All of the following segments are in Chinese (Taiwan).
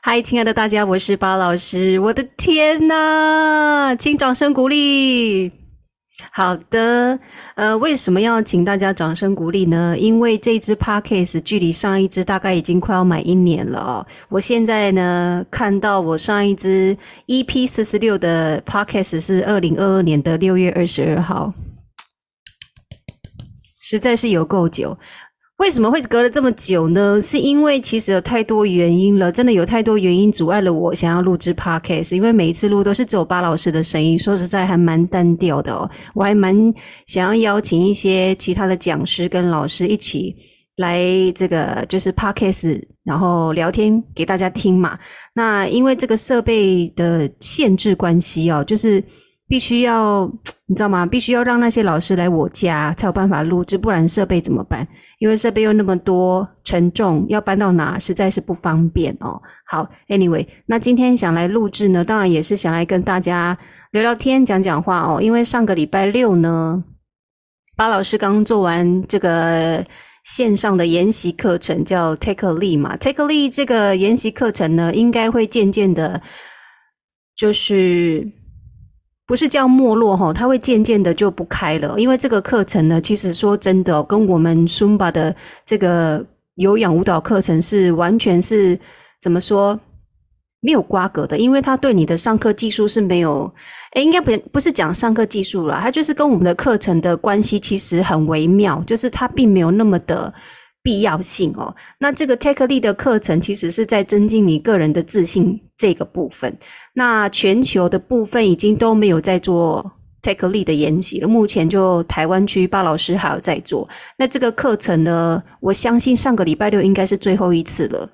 嗨，Hi, 親愛的大家，我是巴老師。我的天吶，請掌聲鼓勵！好的，呃，為什麼要請大家掌聲鼓勵呢？因為這支 Podcast 距離上一支大概已經快要滿一年了哦。我現在呢，看到我上一支 EP 四十六的 Podcast 是二零二二年的六月二十二號，實在是有夠久。為什麼會隔了這麼久呢？是因為其實有太多原因了，真的有太多原因阻礙了我想要錄製 Podcast。因為每一次錄都是只有巴老師的聲音，說實在還蠻單調的哦。我還蠻想要邀請一些其他的講師跟老師一起來這個就是 Podcast，然後聊天給大家聽嘛。那因為這個設備的限制關係哦，就是。必須要你知道嗎？必須要讓那些老師來我家才有辦法錄制，不然設備怎麼辦？因為設備又那麼多，沉重，要搬到哪，實在是不方便哦。好，Anyway，那今天想來錄制呢，當然也是想來跟大家聊聊天、講講話哦。因為上個禮拜六呢，巴老師剛做完這個線上的研習課程，叫 Take The Lead 嘛。Take The Lead 這個研習課程呢，應該會漸漸的，就是。不是叫沒落哈，他會漸漸的就不開了，因為這個課程呢，其實說真的，跟我們 Zumba 的這個有氧舞蹈課程是完全是怎麼說沒有瓜葛的，因為它對你的上課技術是沒有，誒、欸，應該不不是講上課技術了，它就是跟我們的課程的關係其實很微妙，就是它並沒有那麼的。必要性哦，那這個 Take a Lead 的課程其實是在增進你個人的自信這個部分。那全球的部分已經都沒有在做 Take a Lead 的研習了，目前就台灣區巴老師還有在做。那這個課程呢，我相信上個禮拜六應該是最後一次了。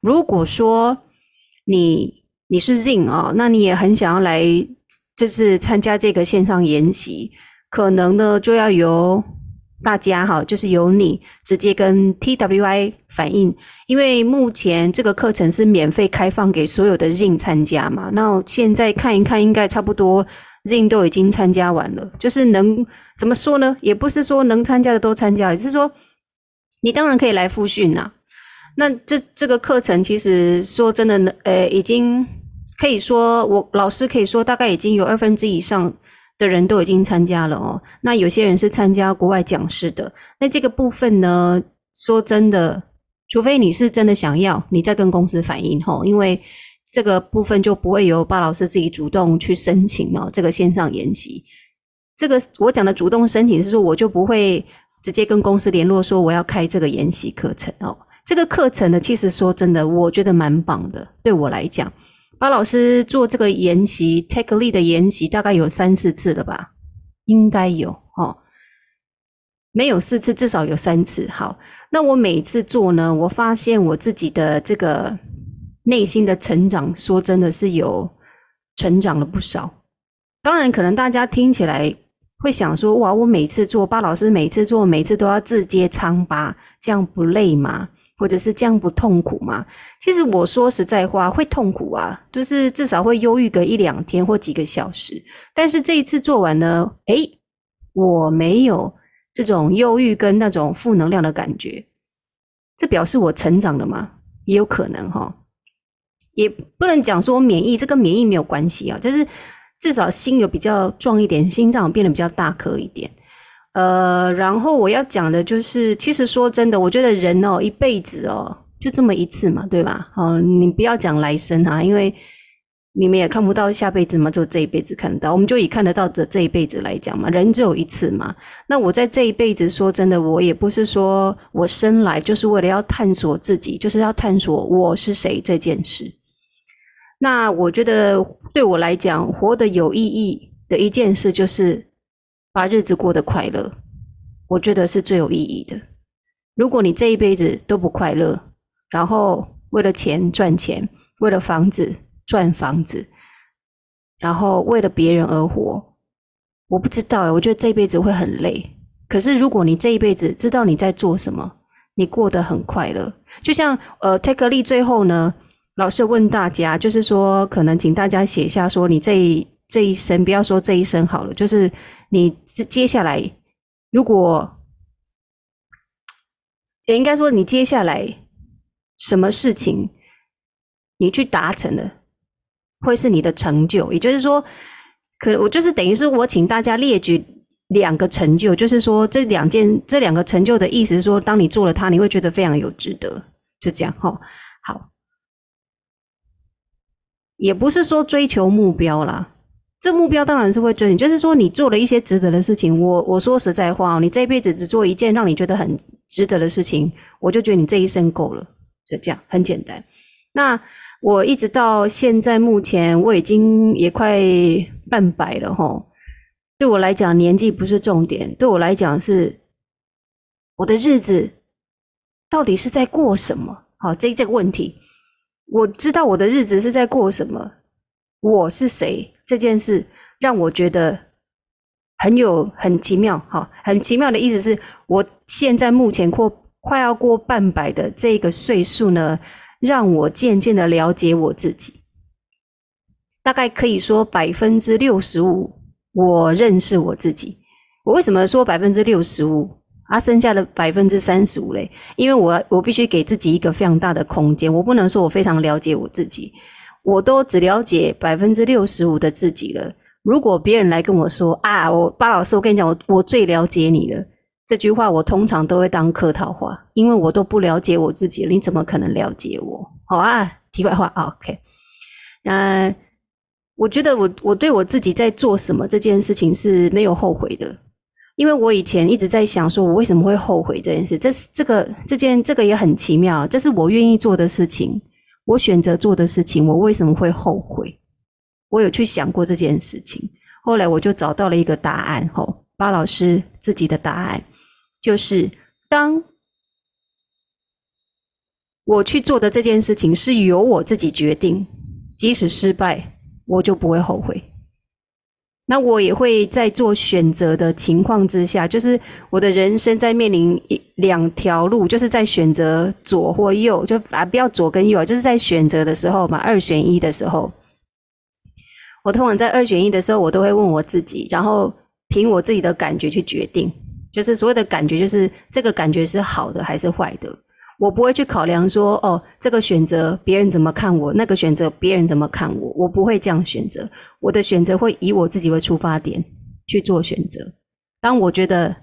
如果說你你是 ZIN 啊、哦，那你也很想要來就是參加這個線上研習，可能呢就要由。大家好，就是由你直接跟 TWI 反映，因為目前這個課程是免費開放給所有的 ZIN 參加嘛。那現在看一看，應該差不多 ZIN 都已經參加完了。就是能怎麼說呢？也不是說能參加的都參加，只是說你當然可以來復訓啊。那這這個課程其實說真的，呃，已經可以說我老師可以說，大概已經有二分之以上。的人都已經參加了哦，那有些人是參加國外講師的，那這個部分呢，說真的，除非你是真的想要，你再跟公司反映哦，因為這個部分就不會由巴老師自己主動去申請哦。這個線上研習，這個我講的主動申請是說，我就不會直接跟公司聯絡說我要開這個研習課程哦。這個課程呢，其實說真的，我覺得蠻棒的，對我來講。巴老師做這個研習，take lead 的研習，大概有三四次了吧？應該有哦，沒有四次，至少有三次。好，那我每次做呢，我發現我自己的這個內心的成長，說真的是有成長了不少。當然，可能大家聽起來會想說，哇，我每次做巴老師，每次做，每次都要自揭瘡疤，這樣不累嗎？或者是這樣不痛苦嗎？其實我說實在話，會痛苦啊，就是至少會憂鬱個一兩天或幾個小時。但是這一次做完呢，誒，我沒有這種憂鬱跟那種負能量的感覺，這表示我成長了嗎？也有可能哈、哦，也不能講說免疫，這跟免疫沒有關係啊、哦，就是至少心有比較壯一點，心臟變得比較大顆一點。呃，然後我要講的就是，其實說真的，我覺得人哦，一輩子哦，就這麼一次嘛，對吧？哦，你不要講來生啊，因為你們也看不到下輩子嘛，就這一輩子看得到，我們就以看得到的這一輩子來講嘛，人只有一次嘛。那我在這一輩子，說真的，我也不是說我生來就是為了要探索自己，就是要探索我是誰這件事。那我覺得對我來講，活得有意義的一件事就是。把日子過得快樂，我覺得是最有意義的。如果你這一輩子都不快樂，然後為了錢賺錢，為了房子賺房子，然後為了別人而活，我不知道哎，我覺得這一輩子會很累。可是如果你這一輩子知道你在做什麼，你過得很快樂。就像呃 TTL 最後呢，老師問大家，就是說可能請大家寫下說你這一。這一生，不要說這一生好了，就是你接下來，如果，也應該說你接下來，什麼事情，你去達成了，會是你的成就。也就是說，可，我就是等於是我請大家列舉兩個成就，就是說這兩件這兩個成就的意思是說，當你做了它，你會覺得非常有值得。就這樣哈，好，也不是說追求目標啦。這目標當然是會追你，就是說你做了一些值得的事情。我我說實在話哦，你這一輩子只做一件讓你覺得很值得的事情，我就覺得你這一生夠了，就這樣，很簡單。那我一直到現在目前，我已經也快半百了哈。對我來講，年紀不是重點，對我來講是，我的日子到底是在過什麼？好，這這個問題，我知道我的日子是在過什麼，我是誰？這件事讓我覺得很有很奇妙，哈，很奇妙的意思是，我現在目前過快要過半百的這個歲數呢，讓我漸漸的了解我自己。大概可以說百分之六十五，我認識我自己。我為什麼說百分之六十五啊？它剩下的百分之三十五嘞？因為我我必須給自己一個非常大的空間，我不能說我非常了解我自己。我都只了解百分之六十五的自己了。如果別人來跟我說啊，我巴老師，我跟你講，我我最了解你了。這句話我通常都會當客套話，因為我都不了解我自己了，你怎麼可能了解我？好啊，題外話。OK，那我覺得我我對我自己在做什麼這件事情是沒有後悔的，因為我以前一直在想，說我為什麼會後悔這件事？這是這個這件這個也很奇妙，這是我願意做的事情。我選擇做的事情，我為什麼會後悔？我有去想過這件事情。後來我就找到了一個答案，吼、哦，巴老師自己的答案，就是當我去做的這件事情是由我自己決定，即使失敗，我就不會後悔。那我也會在做選擇的情況之下，就是我的人生在面臨一兩條路，就是在選擇左或右，就啊不要左跟右啊，就是在選擇的時候嘛，二選一的時候，我通常在二選一的時候，我都會問我自己，然後憑我自己的感覺去決定，就是所謂的感覺，就是這個感覺是好的還是壞的。我不會去考量說，哦，這個選擇別人怎麼看我，那個選擇別人怎麼看我，我不會這樣選擇。我的選擇會以我自己為出發點去做選擇。當我覺得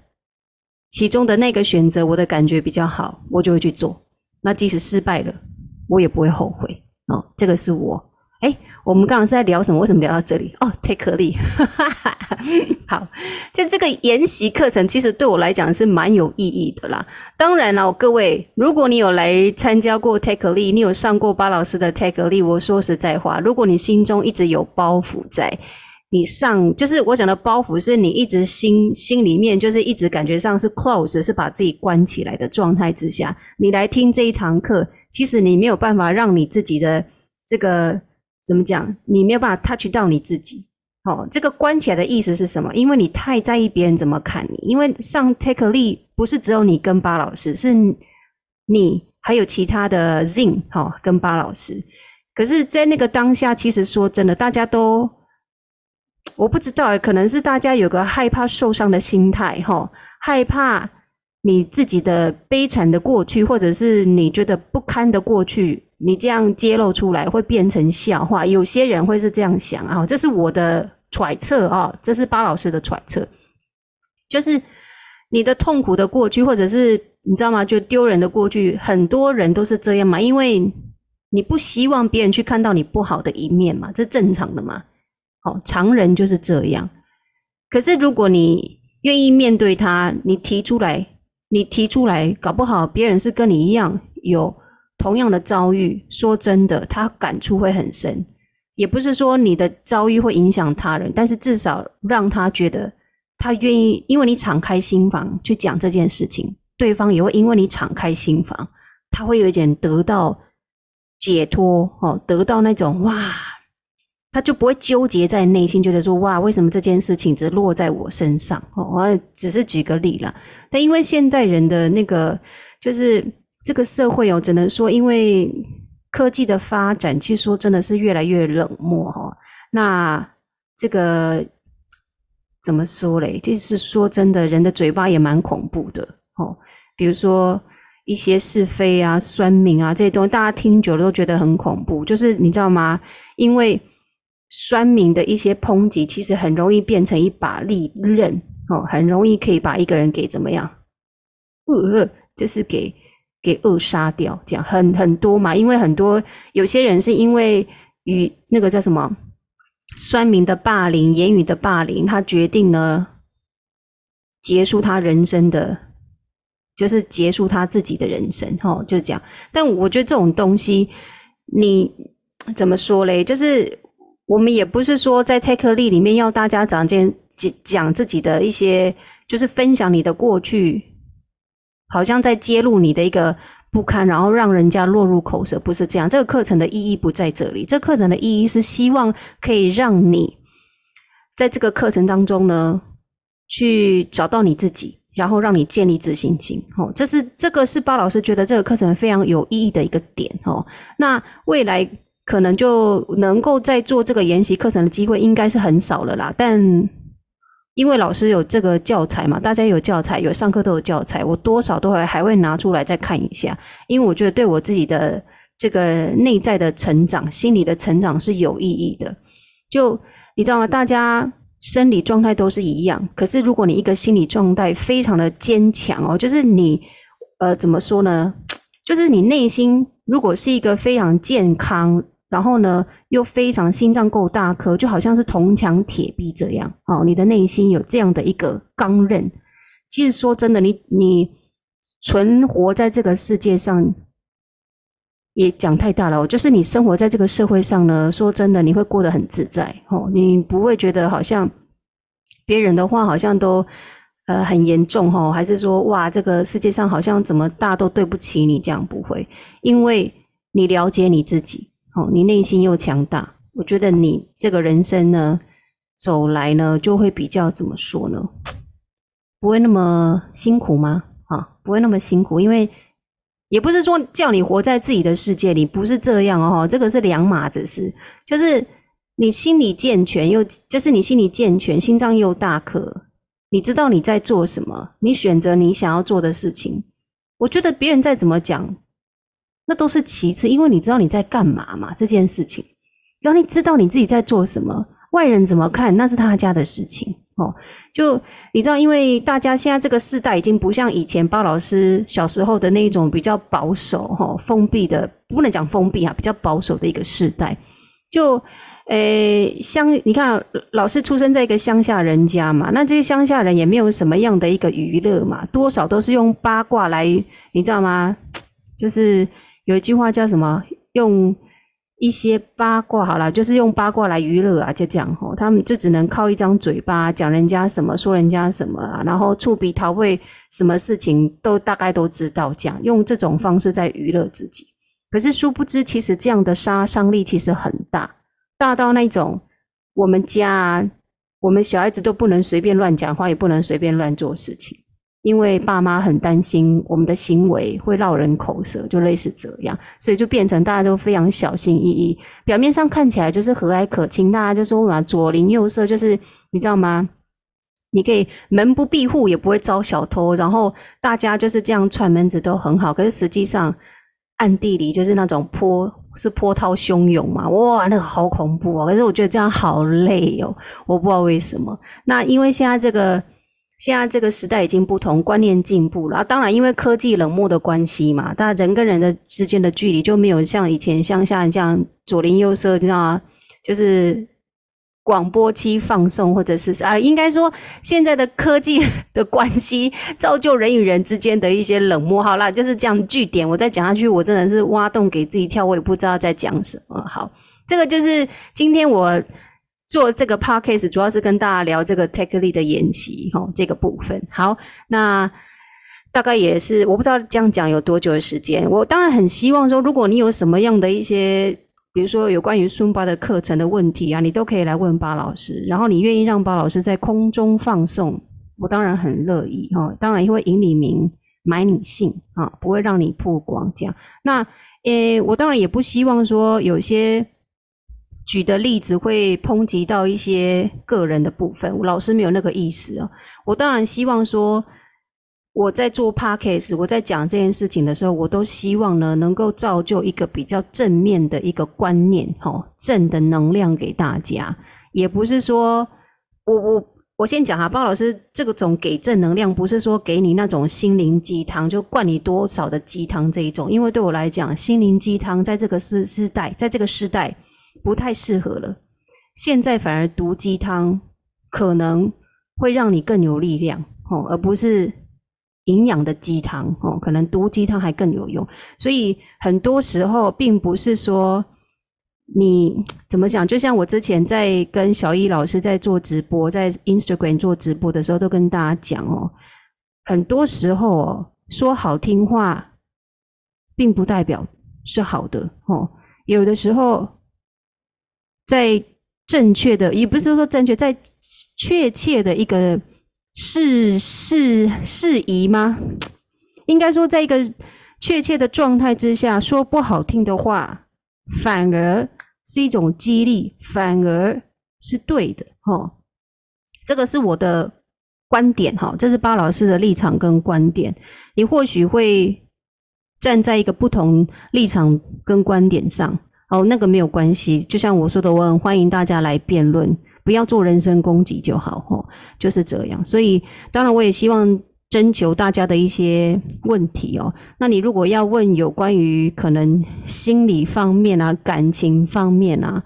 其中的那個選擇我的感覺比較好，我就會去做。那即使失敗了，我也不會後悔。哦，這個是我。哎，我們剛剛是在聊什麼？為什麼聊到這裡？哦、oh，TTL 哈哈哈，好，就這個研習課程，其實對我來講是蠻有意義的啦。當然了，各位，如果你有來參加過 TTL，你有上過巴老師的 TTL，我說實在話，如果你心中一直有包袱在，你上就是我講的包袱，是你一直心心裡面就是一直感覺上是 close，是把自己關起來的狀態之下，你來聽這一堂課，其實你沒有辦法讓你自己的這個。怎麼講？你沒有辦法 touch 到你自己。好、哦，這個關起來的意思是什麼？因為你太在意別人怎麼看你。因為上 TTL 不是只有你跟巴老師，是你還有其他的 ZIN 哈跟巴老師。可是，在那個當下，其實說真的，大家都我不知道哎，可能是大家有個害怕受傷的心態哈、哦，害怕你自己的悲慘的過去，或者是你覺得不堪的過去。你這樣揭露出來會變成笑話，有些人會是這樣想啊，這是我的揣測啊，這是巴老師的揣測，就是你的痛苦的過去，或者是你知道嗎？就丟人的過去，很多人都是這樣嘛，因為你不希望別人去看到你不好的一面嘛，這正常的嘛，哦，常人就是這樣。可是如果你願意面對他，你提出來，你提出來，搞不好別人是跟你一樣有。同樣的遭遇，說真的，他感觸會很深。也不是說你的遭遇會影響他人，但是至少讓他覺得他願意，因為你敞開心房去講這件事情，對方也會因為你敞開心房，他會有一點得到解脫哦，得到那種哇，他就不會糾結在內心，覺得說哇，為什麼這件事情只落在我身上哦。我只是舉個例啦，但因為現在人的那個就是。這個社會哦，只能說因為科技的發展，其實說真的是越來越冷漠哈、哦。那這個怎麼說嘞？就是說真的，人的嘴巴也蠻恐怖的哦。比如說一些是非啊、酸民啊這些東西，大家聽久了都覺得很恐怖。就是你知道嗎？因為酸民的一些抨擊，其實很容易變成一把利刃哦，很容易可以把一個人給怎麼樣？呃，就是給。給扼殺掉，這樣很很多嘛，因為很多有些人是因為與那個叫什麼酸民的霸凌、言語的霸凌，他決定呢結束他人生的，就是結束他自己的人生，吼、哦，就這樣，但我覺得這種東西，你怎麼說嘞？就是我們也不是說在 TTL 裡面要大家講講自己的一些，就是分享你的過去。好像在揭露你的一個不堪，然後讓人家落入口舌，不是這樣。這個課程的意義不在這裡，這個、課程的意義是希望可以讓你在這個課程當中呢，去找到你自己，然後讓你建立自信心。哦，這是這個是巴老師覺得這個課程非常有意義的一個點。哦，那未來可能就能夠再做這個研習課程的機會應該是很少了啦，但。因為老師有這個教材嘛，大家有教材，有上課都有教材，我多少都會還會拿出來再看一下，因為我覺得對我自己的這個內在的成長、心理的成長是有意義的。就你知道嗎？大家生理狀態都是一樣，可是如果你一個心理狀態非常的堅強哦，就是你呃怎麼說呢？就是你內心如果是一個非常健康。然後呢，又非常心臟夠大顆，就好像是銅牆鐵壁這樣。哦，你的內心有這樣的一個鋼刃。其實說真的，你你存活在這個世界上，也講太大了。就是你生活在這個社會上呢，說真的，你會過得很自在。哦，你不會覺得好像別人的話好像都呃很嚴重。哦，還是說哇，這個世界上好像怎麼大都對不起你這樣不會，因為你了解你自己。哦，你內心又強大，我覺得你這個人生呢，走來呢就會比較怎麼說呢？不會那麼辛苦嗎？啊、哦，不會那麼辛苦，因為也不是說叫你活在自己的世界裡，不是這樣哦。這個是兩碼子事，就是你心理健全又，又就是你心理健全，心臟又大顆，你知道你在做什麼，你選擇你想要做的事情。我覺得別人再怎麼講。那都是其次，因為你知道你在幹嘛嘛？這件事情，只要你知道你自己在做什麼，外人怎麼看那是他家的事情哦。就你知道，因為大家現在這個世代已經不像以前巴老師小時候的那種比較保守、哦、封閉的，不能講封閉啊，比較保守的一個世代。就，誒，像，你看老師出生在一個鄉下人家嘛，那這些鄉下人也沒有什麼樣的一個娛樂嘛，多少都是用八卦來，你知道嗎？就是。有一句話叫什麼？用一些八卦好了，就是用八卦來娛樂啊！就這樣吼，他們就只能靠一張嘴巴講人家什麼，說人家什麼啊，然後觸鼻討味，什麼事情都大概都知道這樣，樣用這種方式在娛樂自己。可是殊不知，其實這樣的殺傷力其實很大，大到那種我們家，我們小孩子都不能隨便亂講話，也不能隨便亂做事情。因為爸媽很擔心我們的行為會落人口舌，就類似這樣，所以就變成大家都非常小心翼翼。表面上看起來就是和藹可親，大家就說嘛，左鄰右舍就是你知道嗎？你可以門不閉戶，也不會招小偷，然後大家就是這樣串門子都很好。可是實際上暗地裡就是那種波是波濤洶湧嘛，哇，那個好恐怖哦！可是我覺得這樣好累哦，我不知道為什麼。那因為現在這個。現在這個時代已經不同，觀念進步了啊！當然，因為科技冷漠的關係嘛，大家人跟人的之間的距離就沒有像以前鄉下人這樣左鄰右舍，你知道嗎？就是廣播期放送，或者是啊，應該說現在的科技的關係造就人與人之間的一些冷漠。好了，就是這樣句點。我再講下去，我真的是挖洞給自己跳，我也不知道在講什麼。好，這個就是今天我。做這個 podcast 主要是跟大家聊這個 TTL 的研習哦，這個部分。好，那大概也是我不知道這樣講有多久的時間。我當然很希望說，如果你有什麼樣的一些，比如說有關於 Zumba 的課程的問題啊，你都可以來問巴老師。然後你願意讓巴老師在空中放送，我當然很樂意哈、哦。當然因為引你名買你姓啊、哦，不會讓你曝光這樣。那誒，我當然也不希望說有一些。舉的例子會抨擊到一些個人的部分，我老師沒有那個意思啊，我當然希望說，我在做 Podcast，我在講這件事情的時候，我都希望呢能夠造就一個比較正面的一個觀念，哈，正的能量給大家。也不是說我我我先講哈，巴老師這個種給正能量，不是說給你那種心靈雞湯，就灌你多少的雞湯這一種。因為對我來講，心靈雞湯在這個世世代，在這個世代。不太適合了，現在反而毒雞湯可能會讓你更有力量哦，而不是營養的雞湯哦，可能毒雞湯還更有用。所以很多時候，並不是說你怎麼講，就像我之前在跟小一老師在做直播，在 Instagram 做直播的時候，都跟大家講哦，很多時候哦，說好聽話，並不代表是好的哦，有的時候。在正確的，也不是說正確，在確切的一個事事事宜嗎？應該說，在一個確切的狀態之下，說不好聽的話，反而是一種激勵，反而是對的，哈、哦，這個是我的觀點。哈，這是巴老師的立場跟觀點，你或許會站在一個不同立場跟觀點上。哦，那個沒有關係，就像我說的，我很歡迎大家來辯論，不要做人身攻擊就好。吼、哦，就是這樣。所以，當然我也希望徵求大家的一些問題哦。那你如果要問有關於可能心理方面啊、感情方面啊，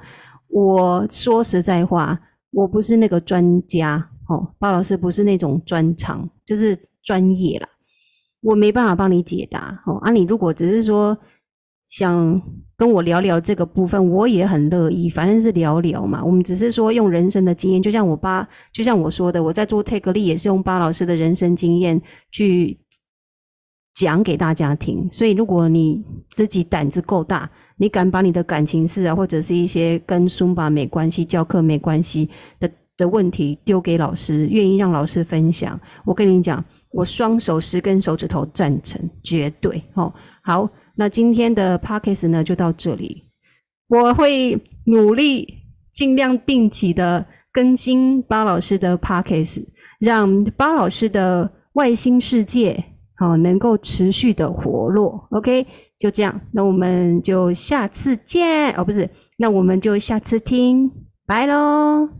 我說實在話，我不是那個專家。哦，巴老師不是那種專長，就是專業啦，我沒辦法幫你解答。哦，啊，你如果只是說。想跟我聊聊這個部分，我也很樂意。反正是聊聊嘛，我們只是說用人生的經驗。就像我爸，就像我說的，我在做 TTL 也是用巴老師的人生經驗去講給大家聽。所以，如果你自己膽子夠大，你敢把你的感情事啊，或者是一些跟 Zumba 沒關係、教課沒關係的的問題丟給老師，願意讓老師分享，我跟你講，我雙手十根手指頭贊成，絕對哦，好。那今天的 Podcast 呢，就到這裡，我會努力盡量定期的更新巴老師的 Podcast，讓巴老師的外星世界好、哦、能夠持續的活絡。OK，就這樣，那我們就下次見哦，不是，那我們就下次聽，拜嘍。